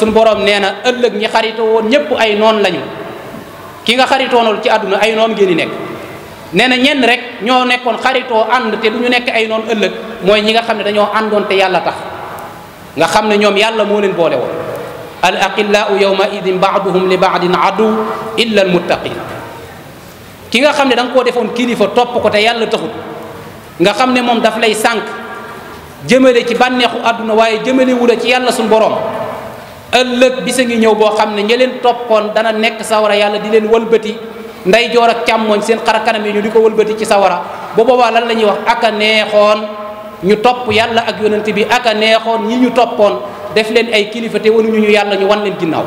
suñu boroom nee na ëllëg ñi xarito woon ñëpp ay noon lañu ki nga xaritoonul ci àdduna ay noon ngeen di nekk nee na ñenn rek ñoo nekkoon xaritoo ànd te du ñu nekk ay noon ëllëg mooy ñi nga xam ne dañoo àndoon te yàlla tax nga xam ne ñoom yàlla moo leen boole woon al aqillaau yawma idin baaduhum li baadin adu illa al muttaqin ki nga xam ne danga koo defoon kilifa topp ko te yàlla taxut nga xam ne moom daf lay sànq jëmale ci bànneexu àdduna waaye jëmale wu la ci yàlla suñu borom ëllëg bisa ngi ñëw boo xam ne ña toppoon dana nekk sawara yàlla di leen walbati nday joor ak càmmooñ seen xar kanam yi ñu di ko wëlbati ci sawara bu boobaa lan la ñuy wax aka neexoon ñu topp yàlla ak yonent bi aka neexoon ñi ñu toppoon def leen ay kilifa te wanuñu ñu yàlla ñu wan leen ginnaaw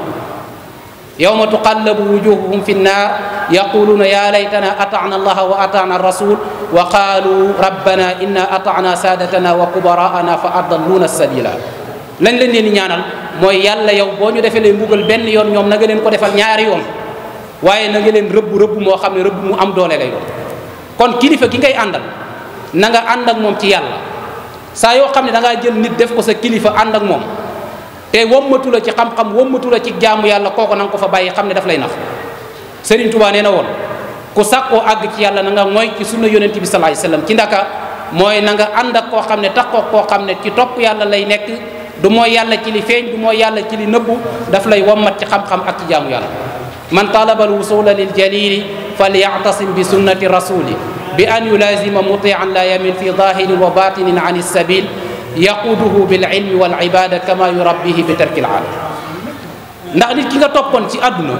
yawma tuqallabu wujuhuhum fi nnaar yaquluuna ya laytana ataana allaha wa ataana rasul wa qaalu rabbana inna ataana saadatana wa kubaraana fa adalluuna sabila mooy yàlla yow boo ñu defee defalee mbugal benn yoon ñoom na nga leen ko defal ñaari yoon waaye na nga leen rëbb rëbb moo xam ne rëbb mu am doole lay doon kon kilifa ki ngay àndal na nga ànd ak moom ci yàlla saa yoo xam ne da jël nit def ko sa kilifa ànd moom te wommatu la ci xam-xam wommatu la ci jaamu yàlla kooku na ko fa bàyyi xam ne daf lay nax Serigne Touba nee na woon ku sàkkoo àgg ci yàlla na nga mooy ci sunna yonent bi sallallahu alayhi wasallam ci ndaka mooy na nga ànd ak koo xam ne tax koo xam ne ci topp yàlla lay nekk. du mooy yàlla ci li feeñ du mooy yàlla ci li nëbbu daf lay wommat ci xam-xam ak ci jaamu yàlla man talaba alwusula lil jalili falyactasim bi sunnati rasuli bi an yulaazima mutian la yamin fi dahirin wa batinin an ilsabil yaquuduhu bil ilmi wal ibada kama yurabbihi bi tarki al aada ndax nit ki nga toppoon ci àdduna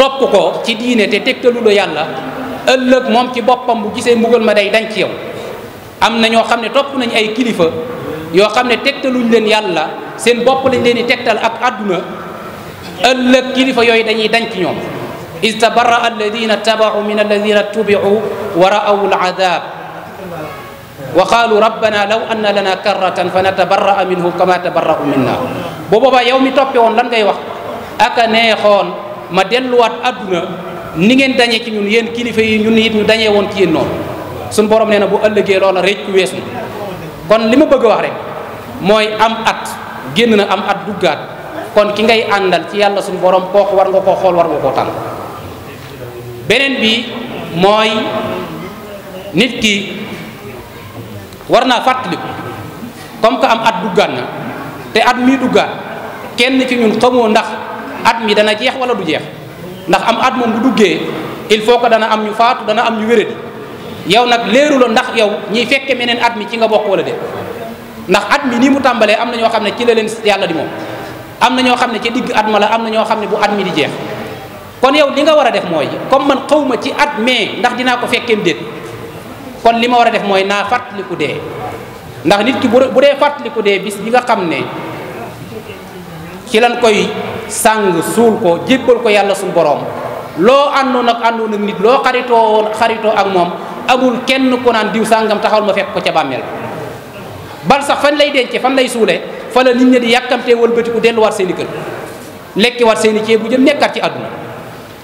ko ci diine te tegtalu la yàlla ëllëg moom ci boppam bu gisee mbugal ma day dañ ci yow am na ñoo xam ne topp nañ ay kilifa yoo xam ne tegtaluñ leen yàlla seen bopp lañ leen di tegtal ak àdduna ëllëg kilifa yooyu dañuy dañ ci ñoom is tabarra alladina tabaau min alladina tubiu wa raaw aladab wa qaalu rabbana law anna lana karratan fa natabarraa minhum kama tabarrau minna boo boobaa yow mi toppe woon lan ngay wax aka neexoon ma delluwaat àdduna ni ngeen dañee ki ñun yéen kilifa yi ñun it ñu dañee woon ci yéen noonu suñ borom nee na bu ëllëgee loola rëccu weesu kon li ma bëgg wax rek mooy am at génn na am at duggaat kon ki ngay àndal ci yàlla suñu borom kooku war nga koo xool war nga koo tànn beneen bi mooy nit ki war naa fàttaliku comme que am at duggaat na te at mii duggaat kenn ci ñun xamoo ndax at mi dana jeex wala du jeex ndax am at moom bu duggee il faut ko dana am ñu faatu dana am ñu wéradi yow nag leeru la ndax yow ñiy fekkee meneen at mi ci nga bokk wala déet ndax at mi nii mu tàmbalee am na ñoo xam ne ci la leen yàlla di moom am na ñoo xam ne ci digg at ma la am na xam ne bu at mi di jeex kon yow li nga war a def mooy comme man xawma ci at mais ndax dinaa ko fekkeem déet kon li ma war a def mooy naa fàttaliku dee ndax nit ki bu dee fàttaliku dee bis bi nga xam ne ci lan koy sàng suul ko jébbal ko yàlla suñu boroom loo àndoon ak àndoon ak nit loo xaritoo woon xaritoo ak moom amul kenn ku naan diw sàngam taxawal ma fekk ko ca bàmmee la bal sax fan lay dencee fan lay suulee fa la nit ñi di yàkkamtee wëlbatiku delluwaat seen i kër lekki war seen i ceeb bu jëm nekkaat ci àdduna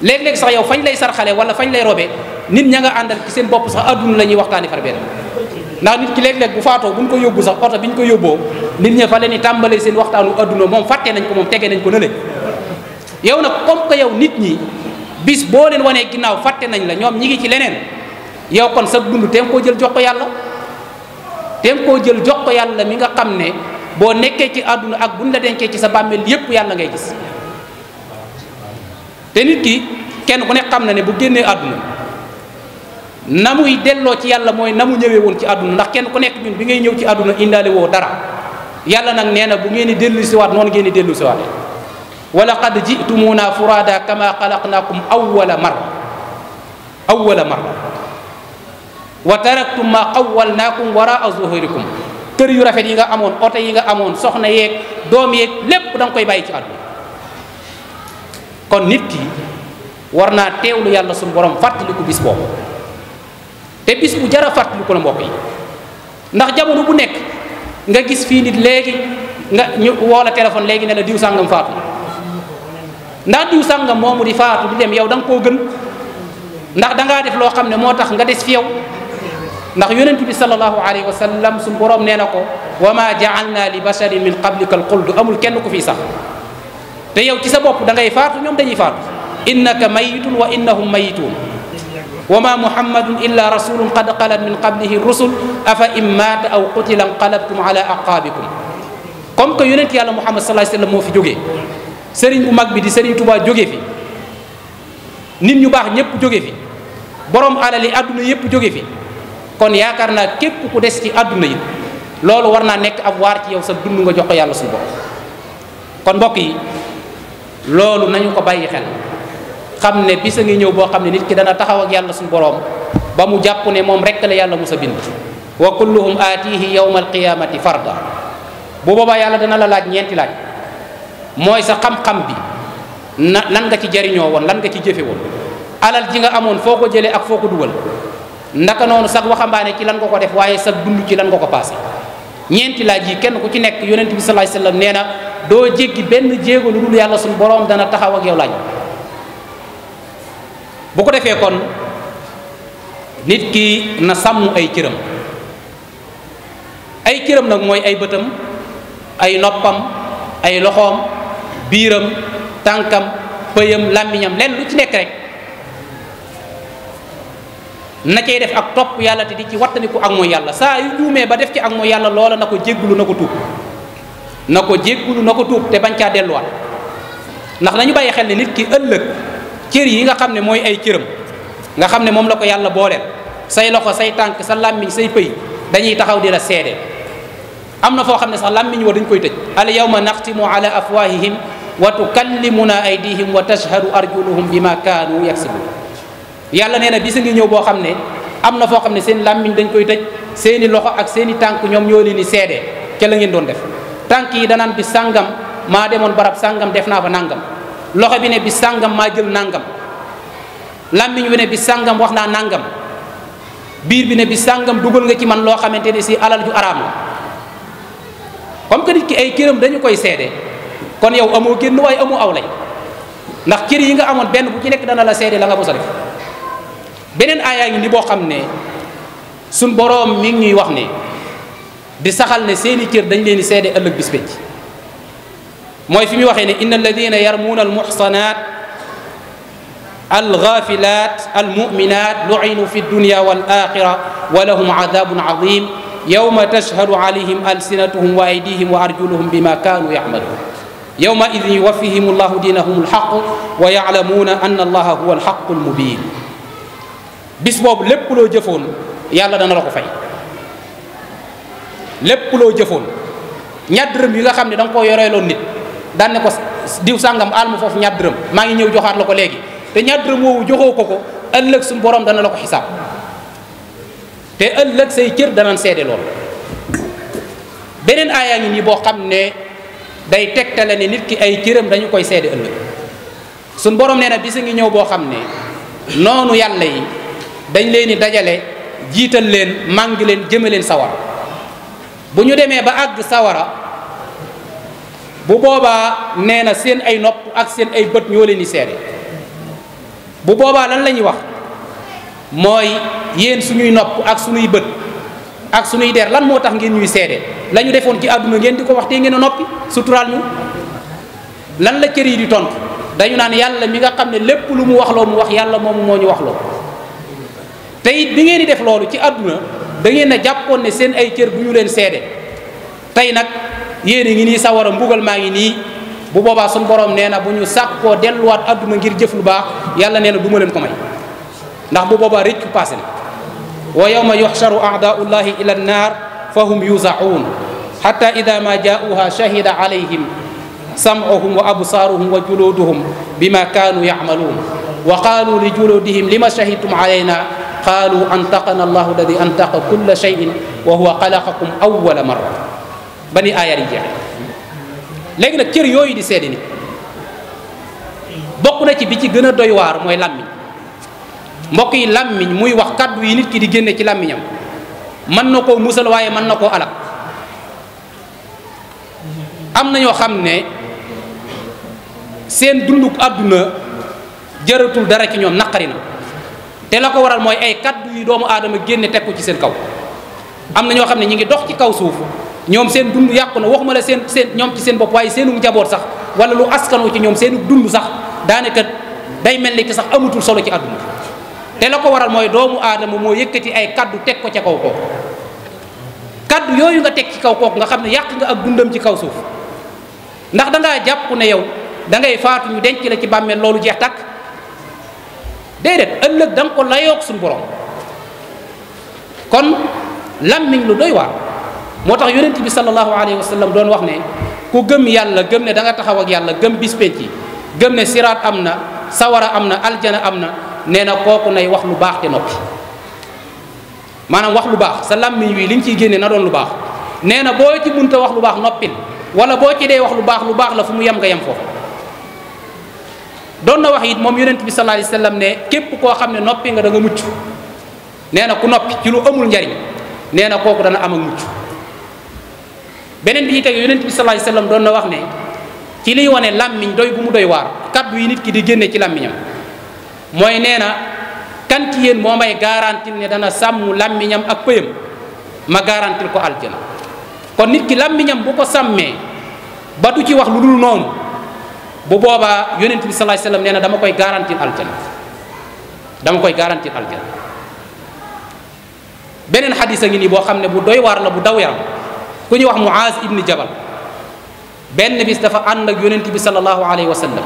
léeg-léeg sax yow fañ lay sarxale wala fañ lay robee nit ña nga àndal ci seen bopp sax àdduna la ñuy waxtaani far benn ndax nit ci léeg-léeg bu faatoo bu ñu ko yóbbu sax oto bi ñu ko yóbboo nit ña fa leen ni tàmbalee seen waxtaanu adduna moom fàttee nañ ko moom tege nañ ko nële yow nag comme que yow nit ñi bis boo leen wanee ginnaaw fàtte nañ la ñoom ñi ngi ci leneen yow kon sa dund teem koo jël jox ko yàlla teem koo jël jox ko yàlla mi nga xam ne boo nekkee ci àdduna ak buñ la dencee ci sa bàmmeel yépp yàlla ngay gis te nit ki kenn ku ne xam na ne bu génnee àdduna na muy delloo ci yàlla mooy na mu ñëwee woon ci àdduna ndax kenn ku nekk bi ngay ñëw ci àdduna indaale woo dara yàlla nag nee na bu ngeen di dellu si waat noonu ngeen di dellu si waat wa laqad naa furada kama xalaqnakum awwala marra awwala marra wa taraktum ma xawwalnaakum waraa zuhurikum kër yu rafet yi nga amoon oto yi nga amoon soxna yéeg doom yéeg lépp danga koy bàyyi ci àdduna kon nit ki war naa teewlu yàlla suñu borom fàttaliku bis boobu te bis bu jara fàttaliku la mbokk yi ndax jamono bu nekk nga gis fii nit léegi nga ñu woo la téléphone léegi ne la diw sàngam faatu ndax diw sàngam moomu di faatu di dem yow da nga koo gën ndax dangaa def loo xam ne moo tax nga des fi yow ndax yonent bi sallallahu alayhi wa sallam suñu boroom nee na ko wa ma jaalna li basharin min qablika al du amul kenn ku fi sax te yow ci sa bopp da ngay faatu ñoom dañuy faatu innaka mayitun wa innahum mayitun wa ma muhammadun illa rasulun qad xalat min qablihi rusul afa in maata aw qutila nqalabtum ala aqaabikum comme que yonent yàlla muhammad sallallahu alayhi wa sallam moo fi joge sëriñ bu mag bi di sëriñ Tuubaa jóge fi nit ñu baax ñépp jóge fi borom alal àdduna yépp jóge fi kon yaakaar naa képp ku des ci àdduna yi loolu war naa nekk ab waar ci yow sa dund nga jox ko yàlla suñu bopp kon mbokk yi loolu nañu ko bàyyi xel xam ne bis sa ngi ñëw boo xam ne nit ki dana taxaw ak yàlla suñu boroom ba mu jàpp ne moom rekk la yàlla sa bind wa kulluhum aatihi yawma alqiyamati farda bu boobaa yàlla dana la laaj ñeenti laaj mooy sa xam-xam bi na lan nga ci jariñoo woon lan nga ci jëfe woon alal ji nga amoon foo ko jëlee ak foo ko dugal ndaka noonu sax waxambaane ci lan nga ko def waaye sax dund ci lan nga ko passé ñeenti laaj yi kenn ku ci nekk yonent bi sallallahu alayhi nee na doo jéggi benn jéego lu dul yàlla suñu boroom dana taxaw ak yow laaj bu ko defee kon nit ki na sàmm ay cëram ay cëram nag mooy ay bëtam ay noppam ay loxoom biiram tànkam pëyam làmmiñam lenn lu ci nekk rek na cay def ak topp yàlla te di ci wattaniku ak mooy yàlla saa yu juumee ba def ci ak mooy yàlla loola na ko jéggulu na ko tuub na ko jéggulu na ko tuub te bañ caa delluwaat ndax dañu bàyyi xel ne nit ki ëllëg cër yi nga xam ne mooy ay cëram nga xam ne moom la ko yàlla booleel say loxo say tànk sa làmmiñ say pëy dañuy taxaw di la seede am na foo xam ne sax làmmiñ wa dañ koy tëj al yawma naxtimu ala afwahihim wa ay aydihim wa tashhadu arjuluhum bima kaanu yaksibuun yàlla nee na bi sa ngi ñëw boo xam ne am na foo xam ne seen làmmiñ dañ koy tëj seeni loxo ak seeni tànk ñoom ñoo leen di seede ca la ngeen doon def tànk yi danaan bi sàngam maa demoon barab sàngam def naa fa nangam loxo bi ne bi sangam maa jël nàngam làmmiñ bi ne bi sangam wax naa nàngam biir bi ne bi sàngam dugal nga ci man loo xamante ne si alal ju araam la comme que nit ki ay këram dañu koy seede kon yow amoo génn waaye amoo aw lay ndax kër yi nga amoon benn bu ci nekk dana la seede la nga mos a def beneen aayaa ni boo xam ne suñ boroom mi ngi ñuy wax ne di saxal ne seeni cër dañ leen di seede ëllëg bis pénc mooy fi muy waxee ne inna alladina yarmuuna almuxsanaat algaafilaat almuminaat luinu fi dunya wal axira wa lahum adabun adim yowma tashhadu alayhim alsinatuhum wa aydihim wa arjuluhum bima kaanu yacmaluun yowma idin yuwaffihim allahu diinahum alxaq wa yaclamuuna anna allaha huwa alxaqu almubin bis boobu lépp loo jëfoon yàlla dana la ko fay lépp loo jëfoon ñaar dërëm yi nga xam ne da nga koo yoreeloon nit daan ne ko diw sàngam aal foofu ñaar maa ngi ñëw joxaat la ko léegi te ñaar dërëm woowu joxoo ko ko ëllëg suñu boroom dana la ko xisaab te ëllëg say cër danañ seede lool. beneen aayaa ngi boo xam ne day tegtale ne nit ki ay cëram dañu koy seede ëllëg suñu borom nee na bis ngi ñëw boo xam ne noonu yàlla yi. dañ leen di dajale jiital leen màng leen jëme leen sawara bu ñu demee ba àgg sawara bu boobaa nee na seen ay nopp ak seen ay bët ñoo leen di seere bu boobaa lan la ñuy wax mooy yéen suñuy nopp ak su ñuy bët ak suñuy der lan moo tax ngeen ñuy seede la ñu defoon ci àdduna ngeen di ko wax te ngeen a noppi suturaal ñu lan la cër yi di tontu dañu naan yàlla mi nga xam ne lépp lu mu wax loo mu wax yàlla moom moo ñu loo te it bi ngeen di def loolu ci adduna dangeen ngeen a jàppoon ne seen ay cër bu ñu leen seede tey nag yéen ngi nii sawara mbugal maa ngi nii bu boobaa suñu borom nee na bu ñu sàkkoo delluwaat àdduna ngir jëf lu baax yàlla nee na du ma leen ko may ndax bu boobaa rëccu passé na wa yawma yuxsharu aadaullahi ila annaar fa hum yuzaun xata ida ma jaauha shahida alayhim sam'uhum wa absaaruhum wa juluuduhum bima kaanu yacmaluun wa qaalu li juluudihim lima shahidtum alayna qaalu antaqana allahu alladi antaqa kulla cheyin wa huwa xalaqakum awala marra ba ni aayar yi jeex léegi nag cër yooyu di seede nit bokk na ci bi ci gën a doy mooy làmmiñ mbokk yi làmmiñ muy wax kàddu yi nit ki di génne ci làmmiñam mën na koo musal waaye mën na koo alak am na ñoo xam ne seen dunduk àdduna jëratul dara ci ñoom naqari na te la ko waral mooy ay kaddu yu doomu aadama génne teg ko ci seen kaw am na ñoo xam ne ñu ngi dox ci kaw suuf ñoom seen dund yàqu na waxuma la seen seen ñoom ci seen bopp waaye seenu njaboot sax wala lu askanoo ci ñoom seenu dund sax daanaka day mel ni ki sax amatul solo ci àdduna te la ko waral mooy doomu aadama moo yëkkati ay kàddu teg ko ca kaw kooku kaddu yooyu nga teg ci kaw kooku nga xam ne yàq nga ak dundam ci kaw suufu ndax dangaa jàpp ne yow da ngay faatu ñu denc la ci bàmmeel loolu jeex tàkk déedéet ëllëg da nga ko layoog suñu borom kon làmmiñ lu doy waar moo tax yonent bi sallallahu alayhi wa sallam doon wax ne ku gëm yàlla gëm ne da nga taxaw ak yàlla gëm bis penc yi gëm ne siraat am na sawara am na aljana am na nee na kooku nay wax lu baax te noppi maanaam wax lu baax sa làmmiñ wi li ñu ciy génne na doon lu baax nee na boo ci munta wax lu baax noppil wala boo ci dee wax lu baax lu baax la fu mu yem nga yem foofu doon na wax it moom yonent bi sallallahu alayhi wasallam ne képp koo xam ne noppi nga da nga mucc nee na ku noppi ci lu amul njariñ nee na kooku dana am ak mucc beneen bi ci teg yonent bi sallallahu alayhi doon na wax ne ci liy wane làmmiñ doy bu mu doy waar kaddu yi nit ki di génne ci làmmiñam mooy nee na kan ci yéen may garantil ne dana sàmm làmmiñam ak pëyam ma garantil ko aljana kon nit ki làmmiñam bu ko sàmmee ba du ci wax lu dul noonu bu boobaa yonent bi salaay salaam nee na dama koy garantir aljana dama koy garantir aljana beneen xadis a ngi nii boo xam ne bu doy waar la bu daw yaram ku ñuy wax Muaz ibni Jabal benn bis dafa ànd ak yonent bi sallallahu alayhi wa sallam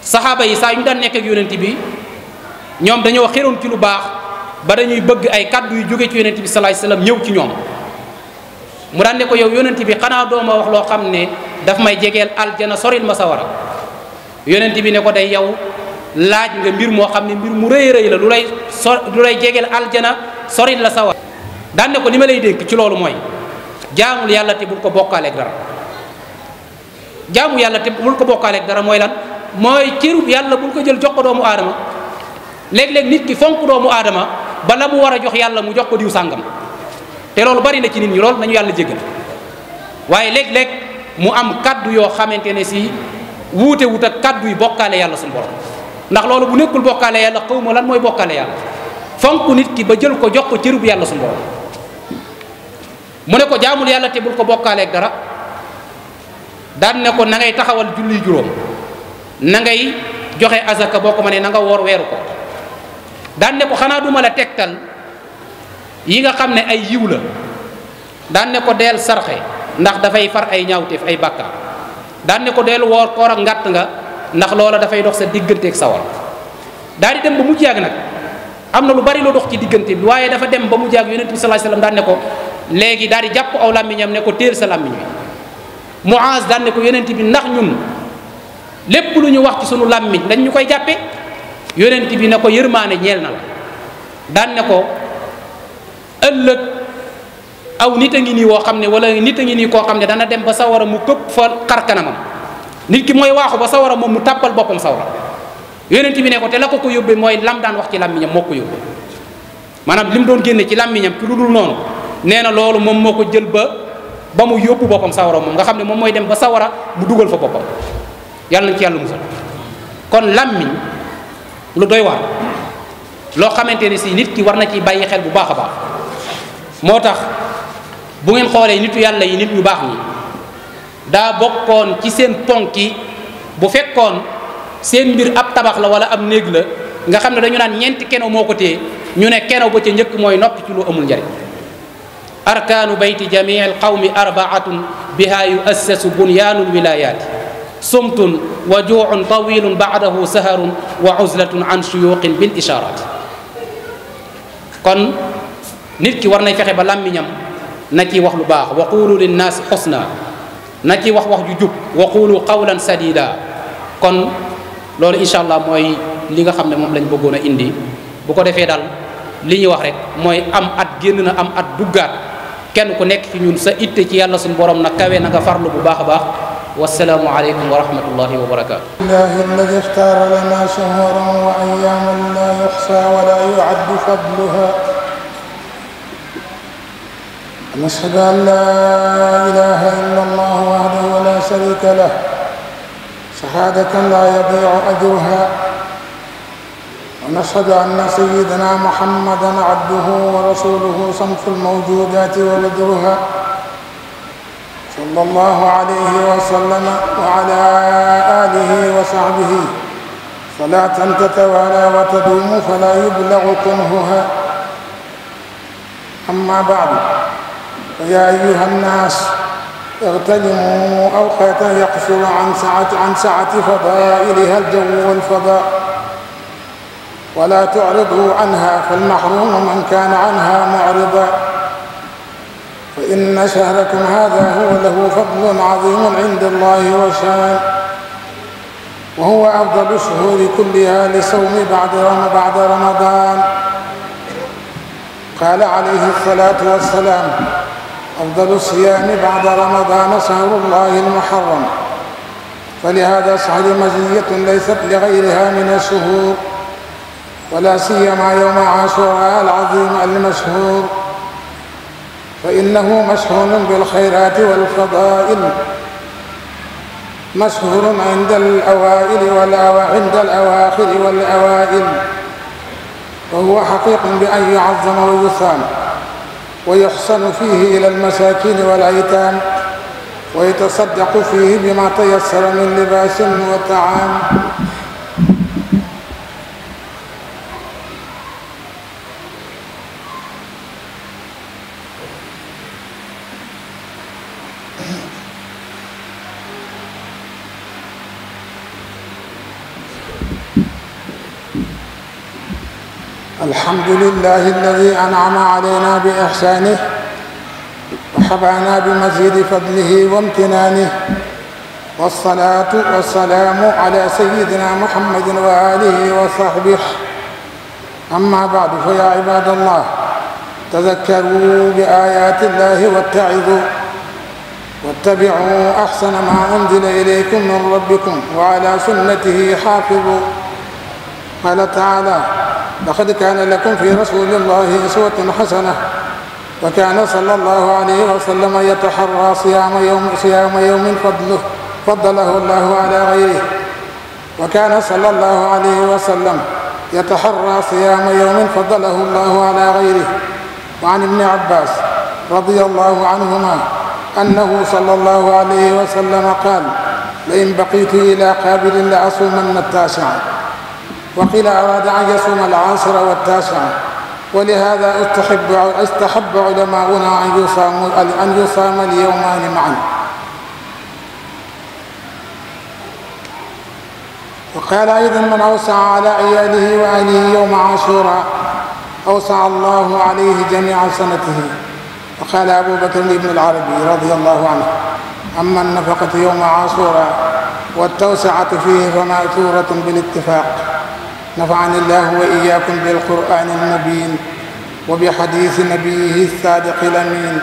saxaaba yi saa yu ñu daan nekk ak yonent bi ñoom dañoo xeroon ci lu baax ba dañuy bëgg ay kàddu yu jóge ci yonent bi salaay salaam ñëw ci ñoom mu daan ne ko yow yonent bi xanaa dooma wax loo xam ne. dafa may jegeel aljana soril ma sawara yonent bi ne ko day yow laaj nga mbir moo xam ne mbir mu rëy rëy la lu lay so lu lay jegeel aljana soril la sawara daan ne ko li ma lay dénk ci loolu mooy jaamul yàlla te bul ko bokkaaleeg dara jaamu yàlla te bul ko bokkaaleeg dara mooy lan mooy cërub yàlla bul ko jël jox ko doomu aadama léeg-léeg nit ki fonk doomu aadama bala la mu war a jox yàlla mu jox ko diw sàngam te loolu bari na ci nit ñi loolu nañu yàlla jégal waaye léeg mu am kàddu yoo xamante ne si wuute wut ak yi bokkaale yàlla suñu borom ndax loolu bu nekkul bokkaale yàlla xaw ma lan mooy bokkaale yàlla fonk nit ki ba jël ko jox ko cër bu yàlla suñu borom mu ne ko jaamul yàlla te bul ko bokkaaleeg dara daan ne ko na ngay taxawal julli juróom na ngay joxe azaka boo ko mënee na nga woor weeru ko daan ne ko xanaa duma la tegtal yi nga xam ne ay yiw la daan ne ko del sarxe ndax dafay far ay ñaawteef ay bàkkaar daan ne ko dellu woor koor ak ngàtt nga ndax loola dafay dox sa digganteeg sawar daal di dem ba mujj yàgg nag am na lu bari lu dox ci diggante bi waaye dafa dem ba mu yàgg yonent bi sallallahu alayhi wasallam daan ko léegi daal di jàpp aw ne ko téer sa làmmiñ wi Muaz daan ne ko yonent bi ndax ñun lépp lu ñu wax ci sunu làmmiñ dañ ñu koy jàppe yonent bi ne ko yërmaane ñeel na la daan ne ko ëllëg aw nit a ngi nii woo xam ne wala nit a ngi nii koo xam ne dana dem ba sawara mu këpp fa xar kanamam nit ki mooy waaxu ba sawara moom mu tàppal boppam sawara yonent bi ne ko te la ko ko yóbbee mooy lam daan wax ci làmmiñam moo ko yóbbee maanaam li mu doon génne ci làmmiñam ci lu dul noonu nee na loolu moom moo ko jël ba ba mu yóbbu boppam sawara moom nga xam ne moom mooy dem ba sawara mu dugal fa boppam yàlla nañ ci yàlla musal kon làmmiñ lu doy waar loo xamante ne si nit ki war na ci bàyyi xel bu baax a baax bu ngeen xoolee nitu yàlla yi nit ñu baax ñi daa bokkoon ci seen ponk yi bu fekkoon seen mbir ab tabax la wala ab néeg la nga xam ne dañu naan ñeenti keno moo ko téye ñu ne keno ba ca njëkk mooy noppi ci lu amul njariñ arkaanu bayti jamii al qawmi arbaatun biha yuassasu bunyaanu lwilayaati sumtun wa juucun tawilun baadahu wa uzlatun an suyuqin bil nit ki war nay fexe ba làmmiñam na ciy wax lu baax wa qulu linnaasi xusna na ciy wax wax ju jub wa qulu qawlan sadida kon loolu incha allah mooy li nga xam ne moom lañ bëggoon a indi bu ko defee daal li ñuy wax rek mooy am at génn na am at duggaat kenn ku nekk ci ñun sa itte ci yàlla suñu borom na kawe na nga farlu bu baax a baax والسلام عليكم ورحمة الله وبركاته الله الذي اختار لنا شهورا وأياما لا يحصى ولا يعد فضلها ونشهد أن لا إله إلا الله وحده لا شريك له شهادة لا يضيع أجرها ونشهد أن سيدنا محمدا عبده ورسوله صنف الموجودات وبدرها صلى الله عليه وسلم وعلى آله وصحبه صلاة تتوالى وتدوم فلا يبلغ كنهها أما بعد يا أيها الناس اغتنموا أوقاتا يقصر عن سعة عن سعة فضائلها الجو والفضاء ولا تعرضوا عنها فالمحروم من كان عنها معرضا فإن شهركم هذا هو له فضل عظيم عند الله وشان وهو أفضل الشهور كلها لصوم بعد بعد رمضان قال عليه الصلاة والسلام أفضل الصيام بعد رمضان شهر الله المحرم فلهذا الشهر مزية ليست لغيرها من الشهور ولا سيما يوم عاشوراء العظيم المشهور فإنه مشهور بالخيرات والفضائل مشهور عند الأوائل وعند الأواخر والأوائل وهو حقيق بأن يعظم ويسام ويحسن فيه إلى المساكين والأيتام ويتصدق فيه بما تيسر من لباس وطعام الحمد لله الذي أنعم علينا بإحسانه وحبانا بمزيد فضله وامتنانه والصلاة والسلام على سيدنا محمد وآله وصحبه أما بعد فيا عباد الله تذكروا بآيات الله واتعظوا واتبعوا أحسن ما أنزل إليكم من ربكم وعلى سنته حافظوا قال تعالى لقد كان لكم في رسول الله أسوة حسنة وكان صلى الله عليه وسلم يتحرى صيام يوم صيام يوم فضله فضله الله على غيره وكان صلى الله عليه وسلم يتحرى صيام يوم فضله الله على غيره وعن ابن عباس رضي الله عنهما أنه صلى الله عليه وسلم قال لئن بقيت إلى قابل لأصومن التاسع وقيل أراد أن يصوم العاشر والتاسع ولهذا استحب استحب علماؤنا أن يصام أن يصام اليومان معا وقال أيضا من أوسع على عياله وأهله يوم عاشوراء أوسع الله عليه جميع سنته وقال أبو بكر بن العربي رضي الله عنه أما النفقة يوم عاشوراء والتوسعة فيه فمأثورة بالاتفاق نفعني الله وإياكم بالقرآن المبين وبحديث نبيه الصادق الأمين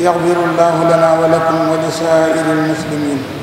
يغفر الله لنا ولكم ولسائر المسلمين